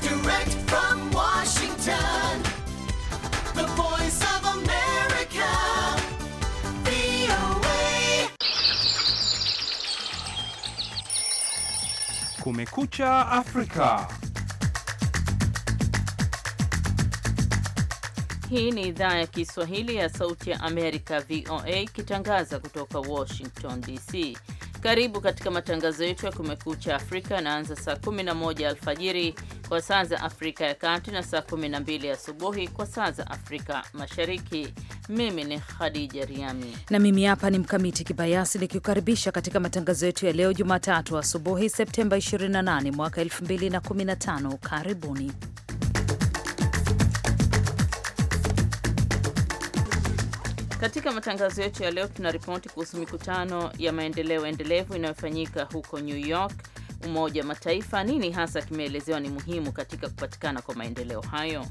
Direct from Washington, the voice of America, VOA. Kumekucha Afrika. Hii ni idhaa ya Kiswahili ya Sauti ya Amerika, VOA, ikitangaza kutoka Washington DC. Karibu katika matangazo yetu ya Kumekucha Afrika yanaanza saa 11 alfajiri kwa saa za Afrika ya Kati na saa 12 asubuhi kwa saa za Afrika Mashariki. Mimi ni Khadija Riami na mimi hapa ni Mkamiti Kibayasi nikikukaribisha katika matangazo yetu ya leo Jumatatu asubuhi Septemba 28 mwaka 2015. Karibuni. Katika matangazo yetu ya leo tuna ripoti kuhusu mikutano ya maendeleo endelevu inayofanyika huko New York Umoja wa Mataifa, nini hasa kimeelezewa ni muhimu katika kupatikana kwa maendeleo hayo?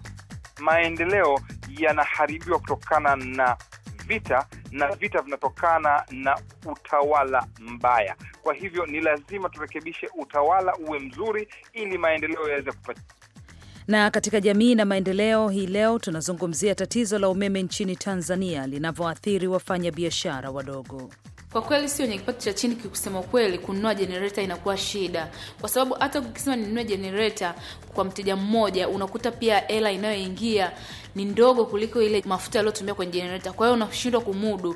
Maendeleo yanaharibiwa kutokana na vita na vita vinatokana na utawala mbaya. Kwa hivyo ni lazima turekebishe utawala uwe mzuri, ili maendeleo yaweze kupatikana. Na katika jamii na maendeleo hii leo tunazungumzia tatizo la umeme nchini Tanzania linavyoathiri wafanya biashara wadogo. Kwa kweli si wenye kipato cha chini, kikusema kweli, kununua generator inakuwa shida, kwa sababu hata ukisema ninunue generator kwa mteja mmoja, unakuta pia hela inayoingia ni ndogo kuliko ile mafuta yaliyotumia kwenye generator, kwa hiyo unashindwa kumudu.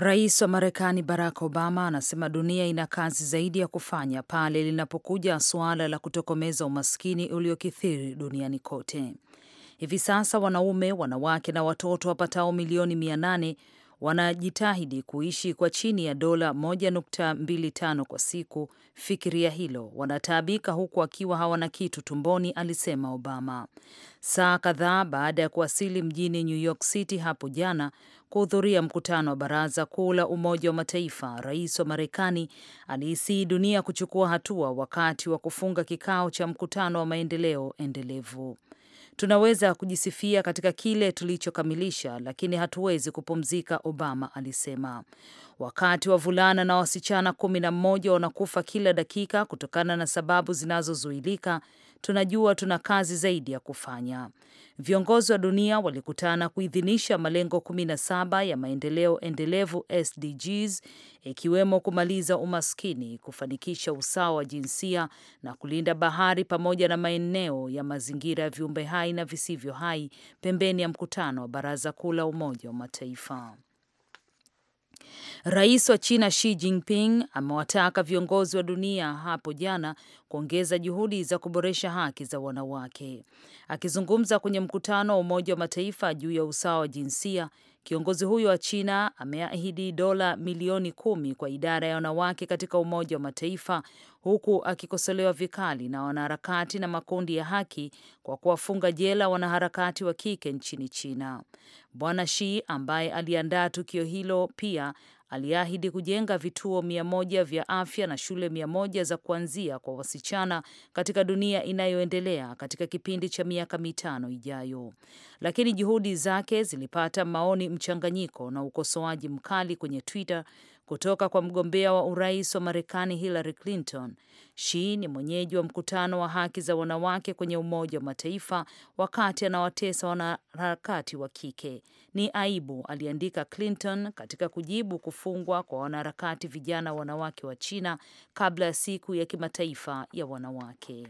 Rais wa Marekani Barack Obama anasema dunia ina kazi zaidi ya kufanya pale linapokuja suala la kutokomeza umaskini uliokithiri duniani kote. Hivi sasa wanaume, wanawake na watoto wapatao milioni mia nane wanajitahidi kuishi kwa chini ya dola 1.25 kwa siku. Fikiria hilo, wanataabika huku akiwa hawana kitu tumboni, alisema Obama saa kadhaa baada ya kuwasili mjini New York City hapo jana kuhudhuria mkutano wa Baraza Kuu la Umoja wa Mataifa. Rais wa Marekani aliisii dunia kuchukua hatua wakati wa kufunga kikao cha mkutano wa maendeleo endelevu. Tunaweza kujisifia katika kile tulichokamilisha, lakini hatuwezi kupumzika, Obama alisema. Wakati wavulana na wasichana kumi na mmoja wanakufa kila dakika kutokana na sababu zinazozuilika, tunajua tuna kazi zaidi ya kufanya. Viongozi wa dunia walikutana kuidhinisha malengo 17 ya maendeleo endelevu SDGs, ikiwemo kumaliza umaskini, kufanikisha usawa wa jinsia na kulinda bahari pamoja na maeneo ya mazingira ya viumbe hai na visivyo hai, pembeni ya mkutano wa Baraza Kuu la Umoja wa Mataifa. Rais wa China Xi Jinping amewataka viongozi wa dunia hapo jana kuongeza juhudi za kuboresha haki za wanawake. Akizungumza kwenye mkutano wa Umoja wa Mataifa juu ya usawa wa jinsia Kiongozi huyo wa China ameahidi dola milioni kumi kwa idara ya wanawake katika Umoja wa Mataifa, huku akikosolewa vikali na wanaharakati na makundi ya haki kwa kuwafunga jela wanaharakati wa kike nchini China. Bwana Shi ambaye aliandaa tukio hilo pia aliahidi kujenga vituo mia moja vya afya na shule mia moja za kuanzia kwa wasichana katika dunia inayoendelea katika kipindi cha miaka mitano ijayo, lakini juhudi zake zilipata maoni mchanganyiko na ukosoaji mkali kwenye Twitter kutoka kwa mgombea wa urais wa Marekani Hillary Clinton. Shi ni mwenyeji wa mkutano wa haki za wanawake kwenye Umoja wa Mataifa wakati anawatesa wanaharakati wa kike. Ni aibu, aliandika Clinton katika kujibu kufungwa kwa wanaharakati vijana wanawake wa China kabla ya siku ya kimataifa ya wanawake.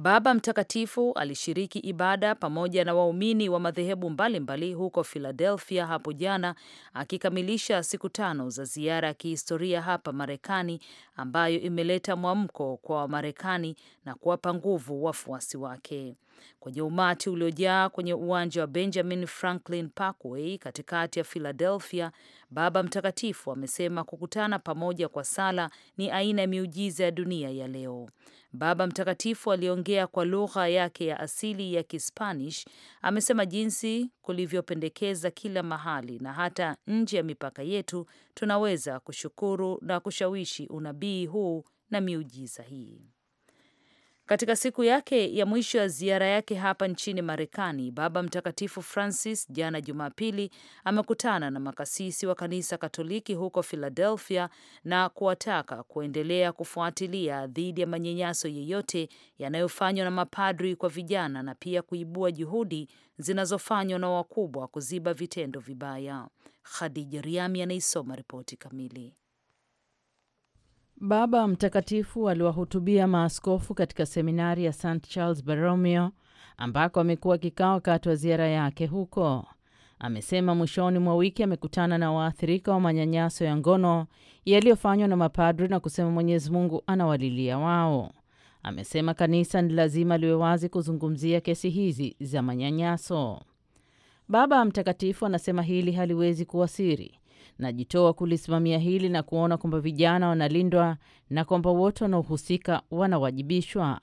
Baba Mtakatifu alishiriki ibada pamoja na waumini wa madhehebu mbalimbali huko Philadelphia hapo jana, akikamilisha siku tano za ziara ya kihistoria hapa Marekani, ambayo imeleta mwamko kwa Wamarekani na kuwapa nguvu wafuasi wake kwenye umati uliojaa kwenye uwanja wa Benjamin Franklin Parkway katikati ya Philadelphia. Baba Mtakatifu amesema kukutana pamoja kwa sala ni aina ya miujiza ya dunia ya leo. Baba Mtakatifu aliongea kwa lugha yake ya asili ya Kispanish. Amesema jinsi kulivyopendekeza kila mahali na hata nje ya mipaka yetu, tunaweza kushukuru na kushawishi unabii huu na miujiza hii. Katika siku yake ya mwisho ya ziara yake hapa nchini Marekani, Baba Mtakatifu Francis jana Jumapili amekutana na makasisi wa kanisa Katoliki huko Philadelphia na kuwataka kuendelea kufuatilia dhidi ya manyanyaso yeyote yanayofanywa na mapadri kwa vijana na pia kuibua juhudi zinazofanywa na wakubwa kuziba vitendo vibaya. Khadija Riami anaisoma ripoti kamili. Baba Mtakatifu aliwahutubia maaskofu katika seminari ya St Charles Borromeo ambako amekuwa kikao wakati wa ziara yake huko. Amesema mwishoni mwa wiki amekutana na waathirika wa manyanyaso ya ngono yaliyofanywa na mapadri na kusema Mwenyezi Mungu anawalilia wao. Amesema kanisa ni lazima liwe wazi kuzungumzia kesi hizi za manyanyaso. Baba Mtakatifu anasema hili haliwezi kuwa siri Najitoa kulisimamia hili na kuona kwamba vijana wanalindwa na kwamba wote wanaohusika wanawajibishwa.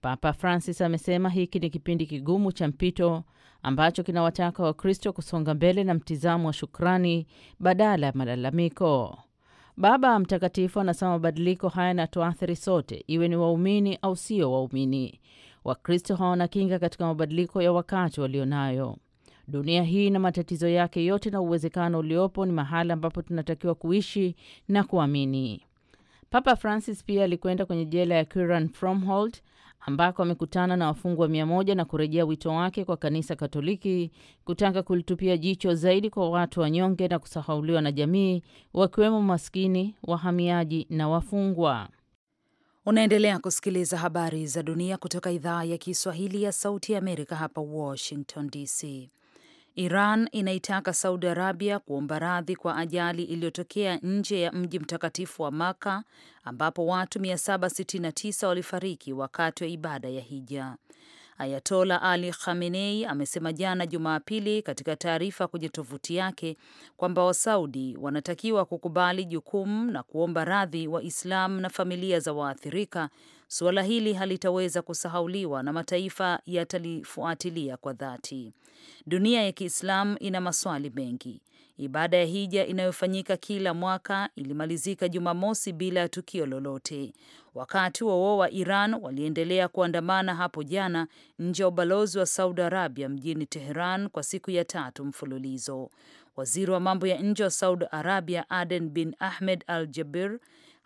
Papa Francis amesema hiki ni kipindi kigumu cha mpito ambacho kinawataka Wakristo kusonga mbele na mtizamo wa shukrani badala ya malalamiko. Baba Mtakatifu anasema mabadiliko haya yanatuathiri sote, iwe ni waumini au sio waumini. Wakristo hawana kinga katika mabadiliko ya wakati walionayo. Dunia hii na matatizo yake yote na uwezekano uliopo ni mahala ambapo tunatakiwa kuishi na kuamini. Papa Francis pia alikwenda kwenye jela ya curan Fromhold ambako amekutana na wafungwa mia moja na kurejea wito wake kwa kanisa Katoliki kutaka kulitupia jicho zaidi kwa watu wanyonge na kusahauliwa na jamii, wakiwemo maskini, wahamiaji na wafungwa. Unaendelea kusikiliza habari za dunia kutoka idhaa ya Kiswahili ya Sauti ya Amerika hapa Washington DC. Iran inaitaka Saudi Arabia kuomba radhi kwa ajali iliyotokea nje ya mji mtakatifu wa Maka ambapo watu 769 walifariki wakati wa ibada ya hija. Ayatola Ali Khamenei amesema jana Jumapili katika taarifa kwenye tovuti yake kwamba Wasaudi wanatakiwa kukubali jukumu na kuomba radhi Waislamu na familia za waathirika Suala hili halitaweza kusahauliwa na mataifa yatalifuatilia kwa dhati. Dunia ya Kiislamu ina maswali mengi. Ibada ya hija inayofanyika kila mwaka ilimalizika Jumamosi bila ya tukio lolote. Wakati woo wa Iran waliendelea kuandamana hapo jana nje ya ubalozi wa Saudi Arabia mjini Teheran kwa siku ya tatu mfululizo. Waziri wa mambo ya nje wa Saudi Arabia Aden bin Ahmed Al Jabir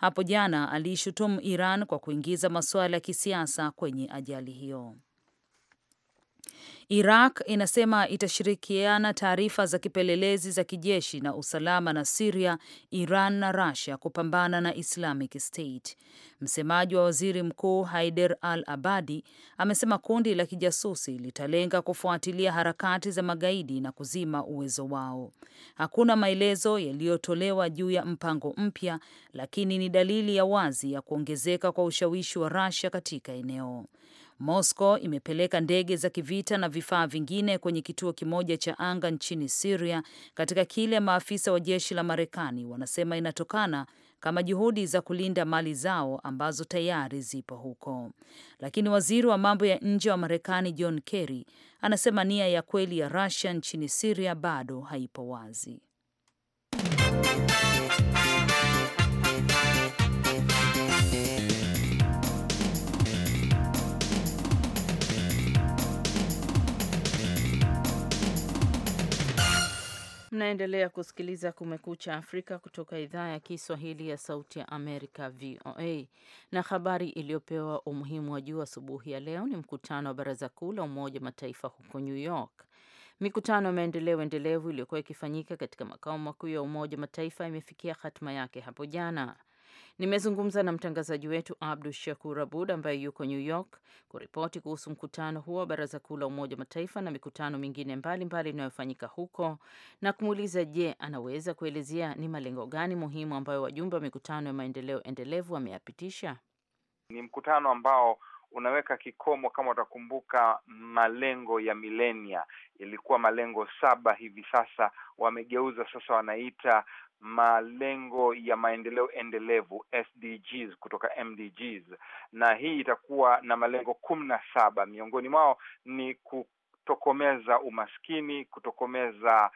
hapo jana aliishutumu Iran kwa kuingiza masuala ya kisiasa kwenye ajali hiyo. Iraq inasema itashirikiana taarifa za kipelelezi za kijeshi na usalama na Siria, Iran na rasia kupambana na Islamic State. Msemaji wa waziri mkuu Haider al Abadi amesema kundi la kijasusi litalenga kufuatilia harakati za magaidi na kuzima uwezo wao. Hakuna maelezo yaliyotolewa juu ya mpango mpya, lakini ni dalili ya wazi ya kuongezeka kwa ushawishi wa rasia katika eneo. Moscow imepeleka ndege za kivita na vifaa vingine kwenye kituo kimoja cha anga nchini Syria katika kile maafisa wa jeshi la Marekani wanasema inatokana kama juhudi za kulinda mali zao ambazo tayari zipo huko. Lakini waziri wa mambo ya nje wa Marekani John Kerry anasema nia ya kweli ya Russia nchini Syria bado haipo wazi. Mnaendelea kusikiliza Kumekucha Afrika kutoka idhaa ya Kiswahili ya Sauti ya Amerika, VOA. Na habari iliyopewa umuhimu wa juu asubuhi ya leo ni mkutano wa Baraza Kuu la Umoja wa Mataifa huko New York. Mikutano ya maendeleo endelevu iliyokuwa ikifanyika katika makao makuu ya Umoja wa Mataifa imefikia hatima yake hapo jana. Nimezungumza na mtangazaji wetu Abdu Shakur Abud ambaye yuko New York kuripoti kuhusu mkutano huo wa Baraza Kuu la Umoja wa Mataifa na mikutano mingine mbalimbali inayofanyika huko na kumuuliza, je, anaweza kuelezea ni malengo gani muhimu ambayo wajumbe wa mikutano ya maendeleo endelevu wameyapitisha? Ni mkutano ambao unaweka kikomo, kama utakumbuka, malengo ya milenia ilikuwa malengo saba, hivi sasa wamegeuza sasa, wanaita malengo ya maendeleo endelevu SDGs kutoka MDGs, na hii itakuwa na malengo kumi na saba. Miongoni mwao ni kutokomeza umaskini, kutokomeza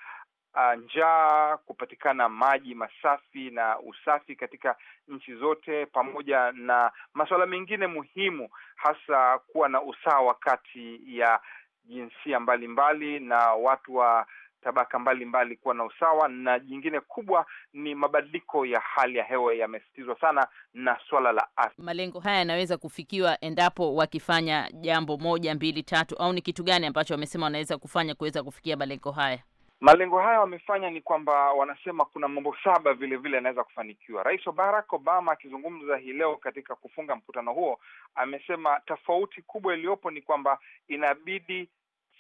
njaa, kupatikana maji masafi na usafi katika nchi zote, pamoja na masuala mengine muhimu, hasa kuwa na usawa kati ya jinsia mbalimbali mbali na watu wa tabaka mbalimbali kuwa na usawa, na jingine kubwa ni mabadiliko ya hali ya hewa yamesitizwa sana na swala la afya. Malengo haya yanaweza kufikiwa endapo wakifanya jambo moja, mbili, tatu, au ni kitu gani ambacho wamesema wanaweza kufanya kuweza kufikia malengo haya? Malengo haya wamefanya ni kwamba wanasema kuna mambo saba vilevile vile yanaweza kufanikiwa. Rais wa Barack Obama akizungumza hii leo katika kufunga mkutano huo amesema tofauti kubwa iliyopo ni kwamba inabidi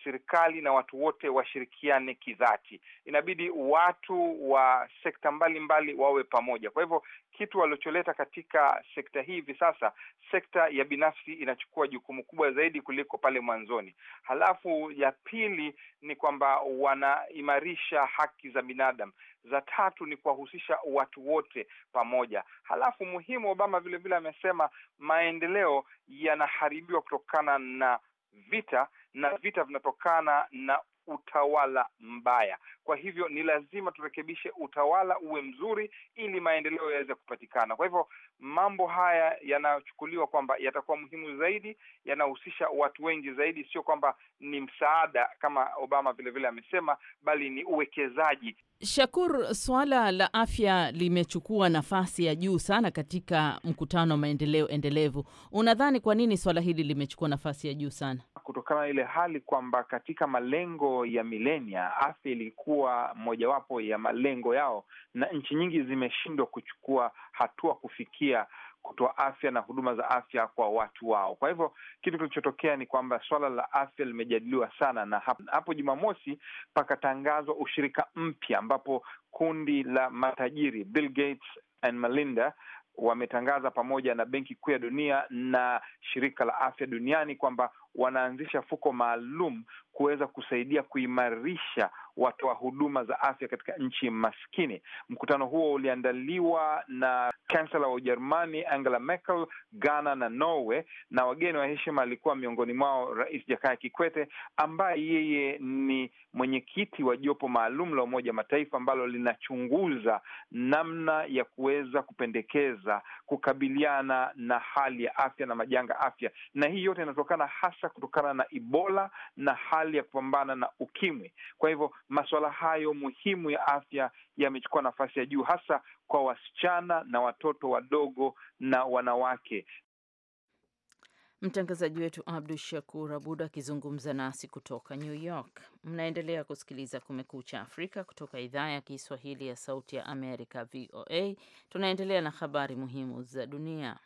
serikali na watu wote washirikiane kidhati. Inabidi watu wa sekta mbalimbali mbali wawe pamoja. Kwa hivyo kitu waliocholeta katika sekta hii hivi sasa, sekta ya binafsi inachukua jukumu kubwa zaidi kuliko pale mwanzoni. Halafu ya pili ni kwamba wanaimarisha haki za binadamu. Za tatu ni kuwahusisha watu wote pamoja. Halafu muhimu, Obama vilevile amesema maendeleo yanaharibiwa kutokana na vita na vita vinatokana na utawala mbaya. Kwa hivyo ni lazima turekebishe utawala uwe mzuri, ili maendeleo yaweze kupatikana. Kwa hivyo mambo haya yanachukuliwa kwamba yatakuwa muhimu zaidi, yanahusisha watu wengi zaidi, sio kwamba ni msaada kama Obama vilevile amesema, bali ni uwekezaji. Shakur, suala la afya limechukua nafasi ya juu sana katika mkutano wa maendeleo endelevu. Unadhani kwa nini suala hili limechukua nafasi ya juu sana? Kutokana na ile hali kwamba katika malengo ya milenia afya ilikuwa mojawapo ya malengo yao, na nchi nyingi zimeshindwa kuchukua hatua kufikia kutoa afya na huduma za afya kwa watu wao. Kwa hivyo kitu kilichotokea ni kwamba swala la afya limejadiliwa sana, na hapo Jumamosi pakatangazwa ushirika mpya ambapo kundi la matajiri Bill Gates and Melinda wametangaza pamoja na Benki Kuu ya Dunia na Shirika la Afya Duniani kwamba wanaanzisha fuko maalum kuweza kusaidia kuimarisha watoa huduma za afya katika nchi maskini. Mkutano huo uliandaliwa na kansela wa Ujerumani Angela Merkel, Ghana na Norway, na wageni wa heshima alikuwa miongoni mwao Rais Jakaya Kikwete ambaye yeye ni mwenyekiti wa jopo maalum la Umoja Mataifa ambalo linachunguza namna ya kuweza kupendekeza kukabiliana na hali ya afya na majanga afya, na hii yote inatokana hasa hasa kutokana na Ebola na hali ya kupambana na ukimwi. Kwa hivyo masuala hayo muhimu ya afya yamechukua nafasi ya juu, hasa kwa wasichana na watoto wadogo na wanawake. Mtangazaji wetu Abdu Shakur Abud akizungumza nasi kutoka New York. Mnaendelea kusikiliza Kumekucha Afrika kutoka idhaa ya Kiswahili ya Sauti ya Amerika, VOA. Tunaendelea na habari muhimu za dunia.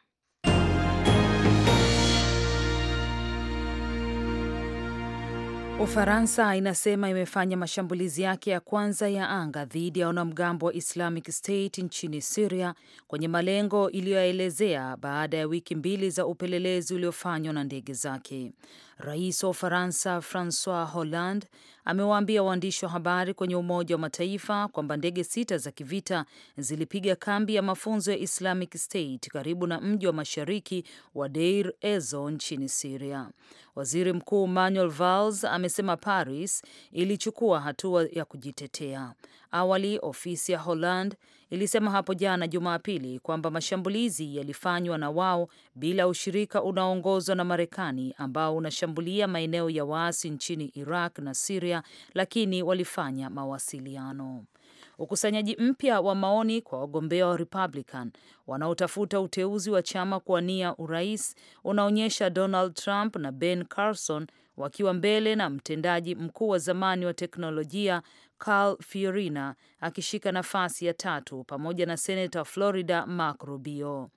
Ufaransa inasema imefanya mashambulizi yake ya kwanza ya anga dhidi ya wanamgambo wa Islamic State nchini siria kwenye malengo iliyoelezea baada ya wiki mbili za upelelezi uliofanywa na ndege zake. Rais wa Ufaransa Francois Hollande amewaambia waandishi wa habari kwenye Umoja wa Mataifa kwamba ndege sita za kivita zilipiga kambi ya mafunzo ya Islamic State karibu na mji wa mashariki wa Deir Ezzor nchini siria Waziri Mkuu Manuel Valls amesema Paris ilichukua hatua ya kujitetea. Awali ofisi ya Holand ilisema hapo jana Jumapili kwamba mashambulizi yalifanywa na wao bila ushirika unaoongozwa na Marekani ambao unashambulia maeneo ya waasi nchini Iraq na Siria, lakini walifanya mawasiliano. Ukusanyaji mpya wa maoni kwa wagombea wa Republican wanaotafuta uteuzi wa chama kuwania urais unaonyesha Donald Trump na Ben Carson wakiwa mbele na mtendaji mkuu wa zamani wa teknolojia Carl Fiorina akishika nafasi ya tatu pamoja na senata Florida Marco Rubio.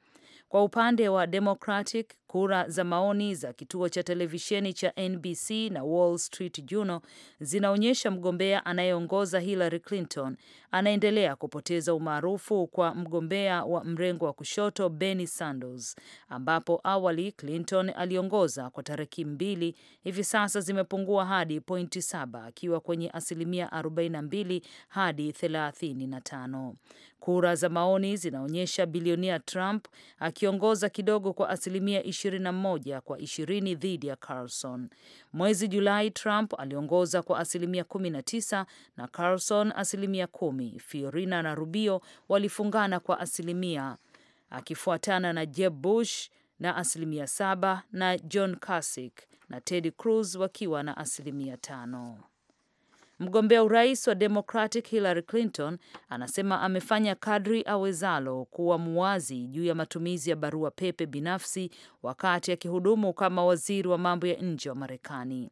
Kwa upande wa Democratic Kura za maoni za kituo cha televisheni cha NBC na Wall Street Journal zinaonyesha mgombea anayeongoza Hillary Clinton anaendelea kupoteza umaarufu kwa mgombea wa mrengo wa kushoto Bernie Sanders, ambapo awali Clinton aliongoza kwa tariki mbili, hivi sasa zimepungua hadi pointi saba, akiwa kwenye asilimia 42 hadi 35. Kura za maoni zinaonyesha bilionia Trump akiongoza kidogo kwa asilimia 21 kwa 20 dhidi ya Carlson. Mwezi Julai, Trump aliongoza kwa asilimia 19 na Carlson asilimia kumi. Fiorina na Rubio walifungana kwa asilimia, akifuatana na Jeb Bush na asilimia saba na John Kasich na Ted Cruz wakiwa na asilimia tano. Mgombea urais wa Democratic Hillary Clinton anasema amefanya kadri awezalo kuwa muwazi juu ya matumizi ya barua pepe binafsi wakati akihudumu kama waziri wa mambo ya nje wa Marekani.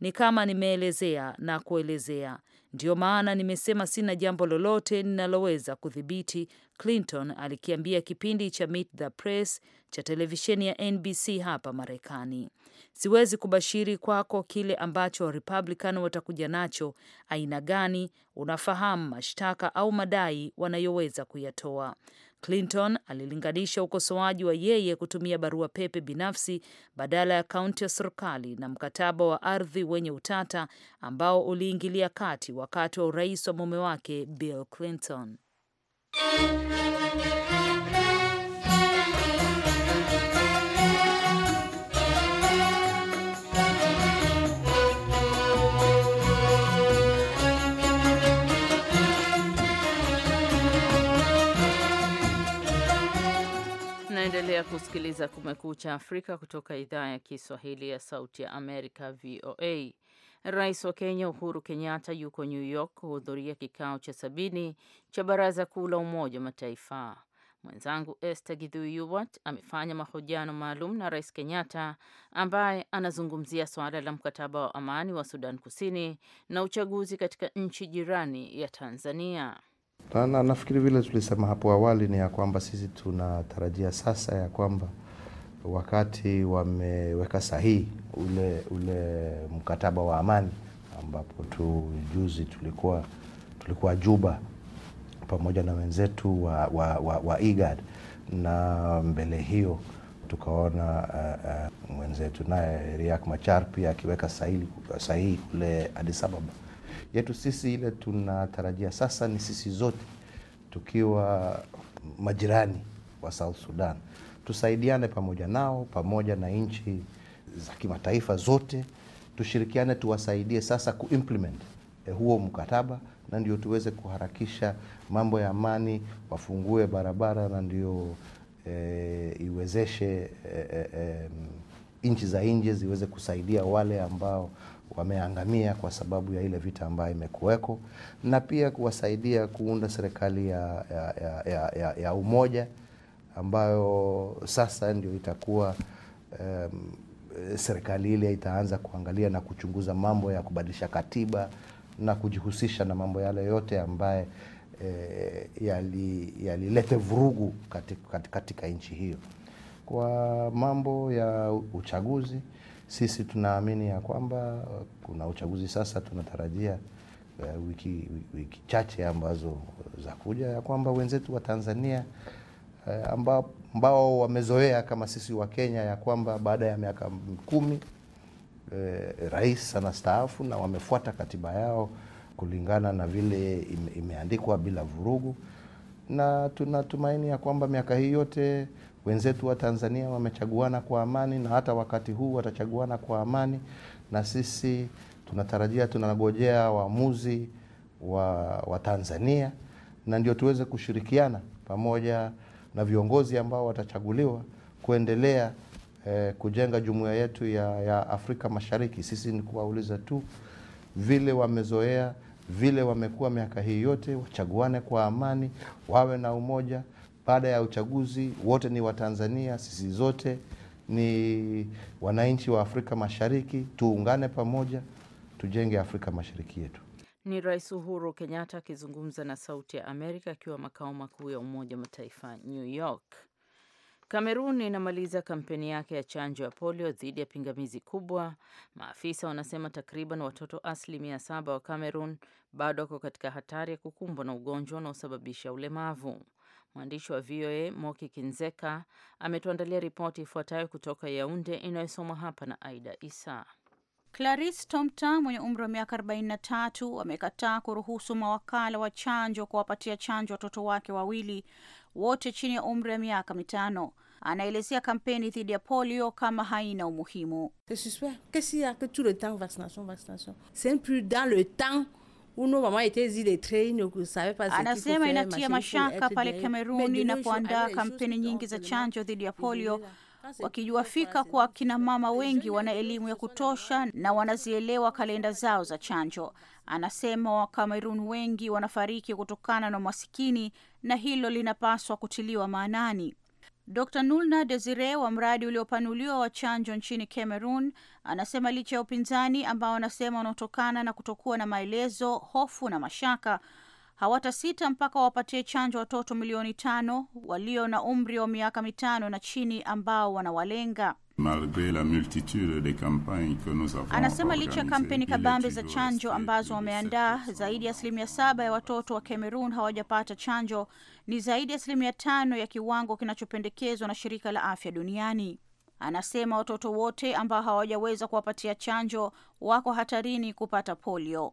Ni kama nimeelezea na kuelezea Ndiyo maana nimesema sina jambo lolote ninaloweza kudhibiti, Clinton alikiambia kipindi cha Meet the Press cha televisheni ya NBC hapa Marekani. Siwezi kubashiri kwako kile ambacho Warepublican watakuja nacho, aina gani, unafahamu mashtaka au madai wanayoweza kuyatoa. Clinton alilinganisha ukosoaji wa yeye kutumia barua pepe binafsi badala ya kaunti ya serikali na mkataba wa ardhi wenye utata ambao uliingilia kati wakati wa urais wa mume wake Bill Clinton. Unaendelea kusikiliza Kumekucha Afrika kutoka idhaa ya Kiswahili ya Sauti ya Amerika, VOA. Rais wa Kenya Uhuru Kenyatta yuko New York kuhudhuria kikao cha sabini cha Baraza Kuu la Umoja wa Mataifa. Mwenzangu Esther Githui amefanya mahojiano maalum na Rais Kenyatta ambaye anazungumzia suala la mkataba wa amani wa Sudan Kusini na uchaguzi katika nchi jirani ya Tanzania. Na, na, nafikiri vile tulisema hapo awali ni ya kwamba sisi tunatarajia sasa ya kwamba wakati wameweka sahihi ule, ule mkataba wa amani ambapo tu juzi tulikuwa, tulikuwa Juba pamoja na wenzetu wa, wa, wa, wa IGAD na mbele hiyo tukaona uh, uh, mwenzetu naye riak Machar pia akiweka sahihi kule Addis Ababa yetu sisi. Ile tunatarajia sasa ni sisi zote tukiwa majirani wa South Sudan tusaidiane pamoja nao, pamoja na nchi za kimataifa zote, tushirikiane, tuwasaidie sasa kuimplement eh, huo mkataba, na ndio tuweze kuharakisha mambo ya amani, wafungue barabara na ndio e, iwezeshe e, e, nchi za nje ziweze kusaidia wale ambao wameangamia kwa sababu ya ile vita ambayo imekuweko, na pia kuwasaidia kuunda serikali ya, ya, ya, ya, ya umoja ambayo sasa ndio itakuwa um, serikali ile itaanza kuangalia na kuchunguza mambo ya kubadilisha katiba na kujihusisha na mambo yale yote ambaye e, yalilete yali vurugu katika, katika nchi hiyo. Kwa mambo ya uchaguzi sisi tunaamini ya kwamba uh, kuna uchaguzi sasa, tunatarajia uh, wiki, wiki chache ambazo za kuja ya kwamba wenzetu wa Tanzania uh, ambao, ambao wamezoea kama sisi wa Kenya ya kwamba baada ya miaka kumi uh, rais anastaafu na wamefuata katiba yao kulingana na vile ime, imeandikwa bila vurugu, na tunatumaini ya kwamba miaka hii yote Wenzetu wa Tanzania wamechaguana kwa amani na hata wakati huu watachaguana kwa amani, na sisi tunatarajia, tunangojea waamuzi wa, wa Tanzania na ndio tuweze kushirikiana pamoja na viongozi ambao watachaguliwa kuendelea eh, kujenga jumuiya yetu ya, ya Afrika Mashariki. Sisi ni kuwauliza tu vile wamezoea, vile wamekuwa miaka hii yote, wachaguane kwa amani, wawe na umoja baada ya uchaguzi wote ni Watanzania, sisi zote ni wananchi wa Afrika Mashariki, tuungane pamoja, tujenge Afrika Mashariki yetu. Ni Rais Uhuru Kenyatta akizungumza na Sauti ya Amerika akiwa makao makuu ya Umoja wa Mataifa, New York. Kamerun inamaliza kampeni yake ya chanjo ya polio dhidi ya pingamizi kubwa. Maafisa wanasema takriban watoto asilimia saba wa Kamerun bado wako katika hatari ya kukumbwa na ugonjwa unaosababisha ulemavu. Mwandishi wa VOA Moki Kinzeka ametuandalia ripoti ifuatayo kutoka Yaunde inayosomwa hapa na Aida Isa. Clarice Tomta mwenye umri wa miaka 43 amekataa kuruhusu mawakala wa chanjo kuwapatia chanjo watoto wake wawili wote chini ya umri wa miaka mitano. Anaelezea kampeni dhidi ya polio kama haina umuhimu. Uno mama ete zile train, anasema inatia mashaka pale Kamerun inapoandaa kampeni nyingi za chanjo dhidi ya polio wakijua fika kwa kina mama wengi wana elimu ya kutosha na wanazielewa kalenda zao za chanjo. Anasema Wakamerun wengi wanafariki kutokana na umasikini na hilo linapaswa kutiliwa maanani. Dr Nulna Desire wa mradi uliopanuliwa wa chanjo nchini Cameroon anasema licha ya upinzani ambao anasema unaotokana na kutokuwa na maelezo, hofu na mashaka, hawatasita mpaka wawapatie chanjo watoto milioni tano walio na umri wa miaka mitano na chini ambao wanawalenga. anasema licha ya kampeni kabambe za chanjo ambazo wameandaa, zaidi ya asilimia saba ya watoto wa Cameroon hawajapata chanjo, ni zaidi ya asilimia tano ya kiwango kinachopendekezwa na Shirika la Afya Duniani. Anasema watoto wote ambao hawajaweza kuwapatia chanjo wako hatarini kupata polio.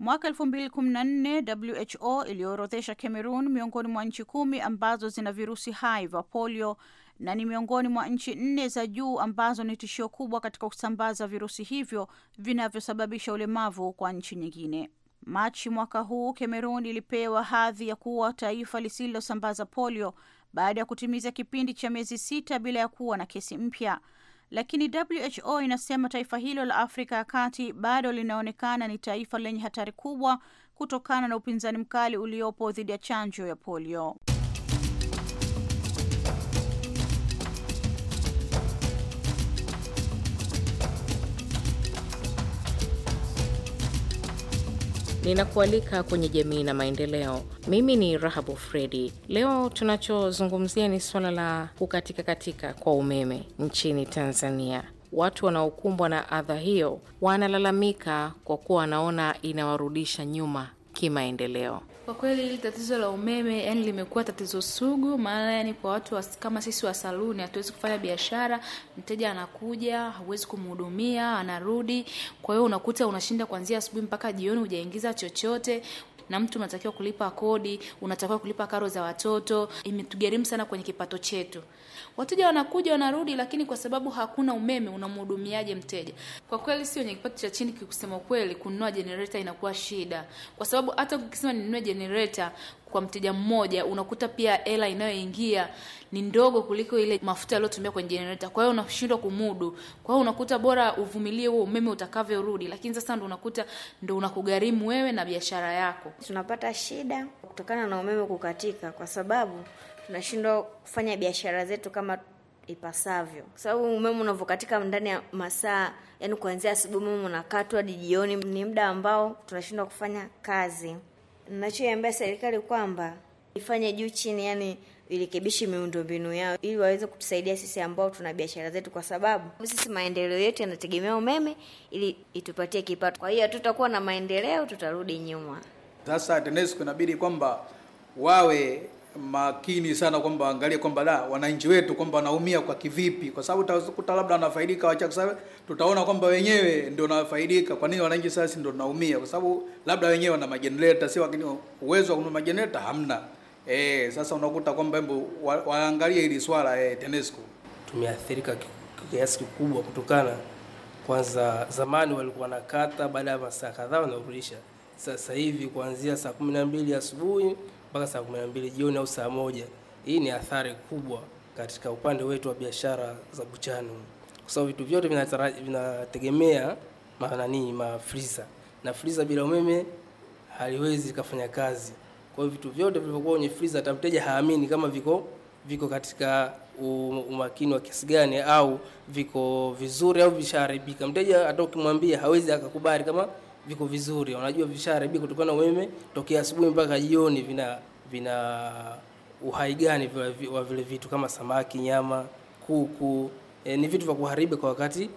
Mwaka 2014 WHO iliyoorodhesha Cameroon miongoni mwa nchi kumi ambazo zina virusi hai vya polio na ni miongoni mwa nchi nne za juu ambazo ni tishio kubwa katika kusambaza virusi hivyo vinavyosababisha ulemavu kwa nchi nyingine. Machi mwaka huu Cameroon ilipewa hadhi ya kuwa taifa lisilosambaza polio baada ya kutimiza kipindi cha miezi sita bila ya kuwa na kesi mpya lakini WHO inasema taifa hilo la Afrika ya Kati bado linaonekana ni taifa lenye hatari kubwa kutokana na upinzani mkali uliopo dhidi ya chanjo ya polio. Ninakualika kwenye jamii na maendeleo. Mimi ni Rahabu Fredi. Leo tunachozungumzia ni suala la kukatika katika kwa umeme nchini Tanzania. Watu wanaokumbwa na adha hiyo wanalalamika kwa kuwa wanaona inawarudisha nyuma kimaendeleo. Kwa kweli hili tatizo la umeme yani limekuwa tatizo sugu, maana yani kwa watu was, kama sisi wa saluni hatuwezi kufanya biashara. Mteja anakuja hauwezi kumhudumia, anarudi. Kwa hiyo unakuta unashinda kuanzia asubuhi mpaka jioni hujaingiza chochote na mtu unatakiwa kulipa kodi, unatakiwa kulipa karo za watoto. Imetugharimu sana kwenye kipato chetu. Wateja wanakuja wanarudi, lakini kwa sababu hakuna umeme, unamhudumiaje mteja? Kwa kweli, sio wenye kipato cha chini, kikusema kweli, kununua generator inakuwa shida, kwa sababu hata ukisema ninunue generator kwa mteja mmoja unakuta pia hela inayoingia ni ndogo kuliko ile mafuta yaliyotumia kwenye jenereta, kwa hiyo unashindwa kumudu. Kwa hiyo unakuta bora uvumilie huo umeme utakavyorudi, lakini sasa ndo unakuta ndo unakugharimu wewe na biashara yako. Tunapata shida kutokana na umeme kukatika, kwa sababu tunashindwa kufanya biashara zetu kama ipasavyo, kwa sababu umeme unavyokatika ndani ya masaa, yani kuanzia asubuhi umeme unakatwa hadi jioni, ni muda ambao tunashindwa kufanya kazi. Nachoiambia serikali kwamba ifanye juu chini, yani irekebishe miundombinu yao ili waweze kutusaidia sisi ambao tuna biashara zetu, kwa sababu sisi maendeleo yetu yanategemea umeme ili itupatie kipato. Kwa hiyo tutakuwa na maendeleo, tutarudi nyuma. Sasa TANESCO inabidi kwamba wawe makini sana kwamba angalie kwamba la wananchi wetu kwamba wanaumia kwa kivipi, kwa sababu utakuta labda wanafaidika wachache, sababu tutaona kwamba wenyewe ndio wanafaidika. Kwa nini wananchi sasa ndio tunaumia? Kwa sababu labda wenyewe wana majenereta, si uwezo wa kununua majenereta hamna. E, sasa unakuta kwamba hebu waangalie hili swala e, TANESCO tumeathirika kiasi kikubwa kutokana kwanza, zamani walikuwa nakata baada ya masaa kadhaa wanarudisha. Sasa hivi kuanzia saa kumi na mbili asubuhi mpaka saa kumi na mbili jioni au saa moja. Hii ni athari kubwa katika upande wetu wa biashara za Buchani, kwa sababu vitu vyote vinategemea mananii mafriza, na friza bila umeme haliwezi kafanya kazi. Kwa hiyo vitu vyote vilivyokuwa kwenye friza, hata mteja haamini kama viko viko katika umakini wa kiasi gani au viko vizuri au vishaharibika. Mteja hata ukimwambia hawezi akakubali kama viko vizuri, unajua vishaharibika kutokana na umeme tokea asubuhi mpaka jioni, vina vina uhai gani wa vile vitu kama samaki, nyama, kuku e, ni vitu vya kuharibu kwa wakati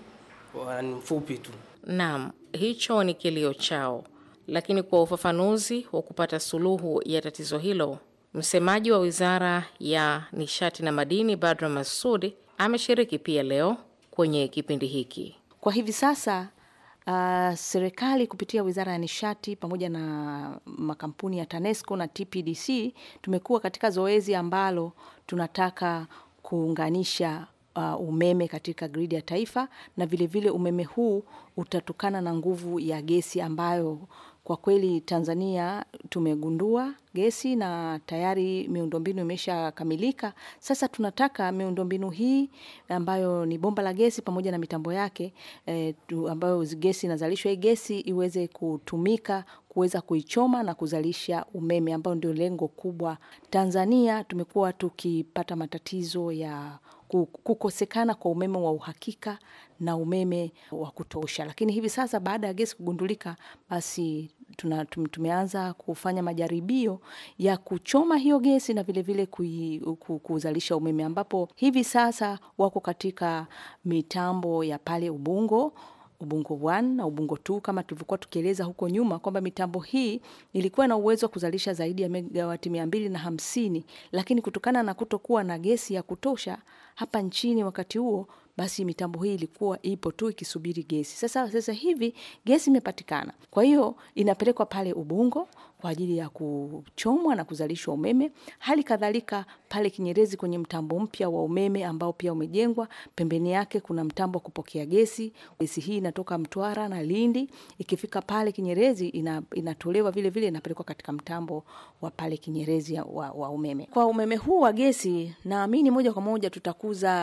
mfupi tu. Naam, hicho ni kilio chao, lakini kwa ufafanuzi wa kupata suluhu ya tatizo hilo, msemaji wa Wizara ya Nishati na Madini Badra Masudi ameshiriki pia leo kwenye kipindi hiki. Kwa hivi sasa Uh, serikali kupitia Wizara ya Nishati pamoja na makampuni ya TANESCO na TPDC tumekuwa katika zoezi ambalo tunataka kuunganisha Uh, umeme katika gridi ya taifa na vilevile vile umeme huu utatokana na nguvu ya gesi ambayo kwa kweli Tanzania tumegundua gesi na tayari miundombinu imeshakamilika. Sasa tunataka miundombinu hii ambayo ni bomba la gesi pamoja na mitambo yake e, tu, ambayo gesi inazalishwa, hii gesi iweze kutumika kuweza kuichoma na kuzalisha umeme ambao ndio lengo kubwa. Tanzania tumekuwa tukipata matatizo ya kukosekana kwa umeme wa uhakika na umeme wa kutosha. Lakini hivi sasa baada ya gesi kugundulika, basi tuna, tumeanza kufanya majaribio ya kuchoma hiyo gesi na vilevile kuzalisha umeme, ambapo hivi sasa wako katika mitambo ya pale Ubungo ubungo 1 na ubungo 2 kama tulivyokuwa tukieleza huko nyuma kwamba mitambo hii ilikuwa na uwezo wa kuzalisha zaidi ya megawati mia mbili na hamsini, lakini kutokana na kutokuwa na gesi ya kutosha hapa nchini wakati huo, basi mitambo hii ilikuwa ipo tu ikisubiri gesi. Sasa sasa hivi gesi imepatikana, kwa hiyo inapelekwa pale Ubungo kwa ajili ya kuchomwa na kuzalishwa umeme. Hali kadhalika pale Kinyerezi kwenye mtambo mpya wa umeme ambao pia umejengwa, pembeni yake kuna mtambo wa kupokea gesi. Gesi hii inatoka Mtwara na Lindi, ikifika pale Kinyerezi ina, inatolewa vile vile inapelekwa katika mtambo wa pale Kinyerezi wa, wa umeme. Kwa umeme huu wa gesi, naamini moja kwa moja tutakuza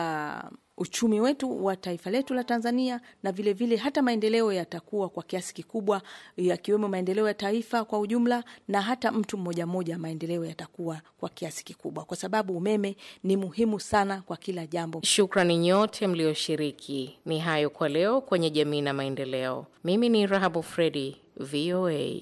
uchumi wetu wa taifa letu la Tanzania na vilevile vile hata maendeleo yatakuwa kwa kiasi kikubwa, yakiwemo maendeleo ya taifa kwa ujumla na hata mtu mmoja mmoja, maendeleo yatakuwa kwa kiasi kikubwa, kwa sababu umeme ni muhimu sana kwa kila jambo. Shukrani nyote mlioshiriki. Ni hayo kwa leo kwenye Jamii na Maendeleo. Mimi ni Rahabu Fredi, VOA.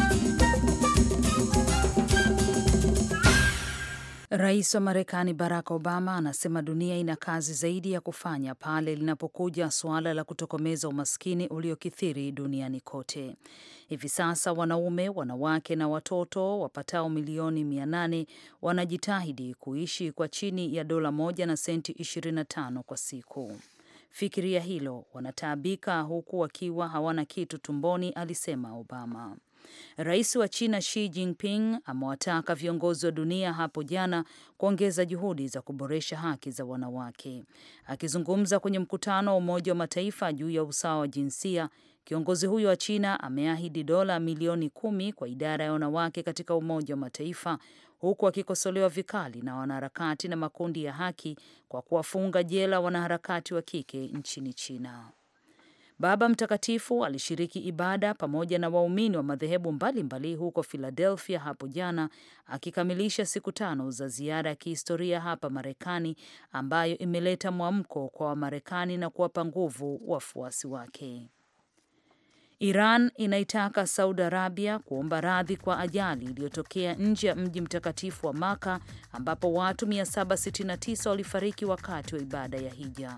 Rais wa Marekani Barack Obama anasema dunia ina kazi zaidi ya kufanya pale linapokuja suala la kutokomeza umaskini uliokithiri duniani kote. Hivi sasa wanaume, wanawake na watoto wapatao milioni mia nane wanajitahidi kuishi kwa chini ya dola moja na senti 25 kwa siku. Fikiria hilo, wanataabika huku wakiwa hawana kitu tumboni, alisema Obama. Rais wa China Xi Jinping amewataka viongozi wa dunia hapo jana kuongeza juhudi za kuboresha haki za wanawake. Akizungumza kwenye mkutano wa Umoja wa Mataifa juu ya usawa wa jinsia, kiongozi huyo wa China ameahidi dola milioni kumi kwa idara ya wanawake katika Umoja wa Mataifa, huku akikosolewa vikali na wanaharakati na makundi ya haki kwa kuwafunga jela wanaharakati wa kike nchini China. Baba Mtakatifu alishiriki ibada pamoja na waumini wa madhehebu mbalimbali huko Philadelphia hapo jana, akikamilisha siku tano za ziara ya kihistoria hapa Marekani ambayo imeleta mwamko kwa Wamarekani na kuwapa nguvu wafuasi wake. Iran inaitaka Saudi Arabia kuomba radhi kwa ajali iliyotokea nje ya mji mtakatifu wa Maka ambapo watu 769 walifariki wakati wa ibada ya hija.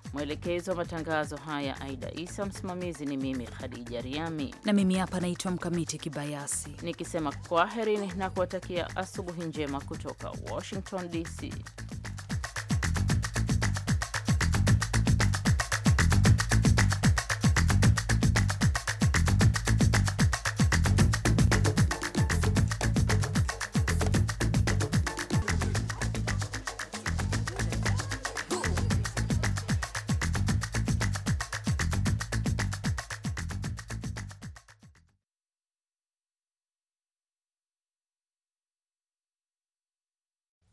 mwelekezi wa matangazo haya Aida Isa, msimamizi ni mimi Khadija Riami, na mimi hapa naitwa Mkamiti Kibayasi, nikisema kwaherini na kuwatakia asubuhi njema kutoka Washington DC.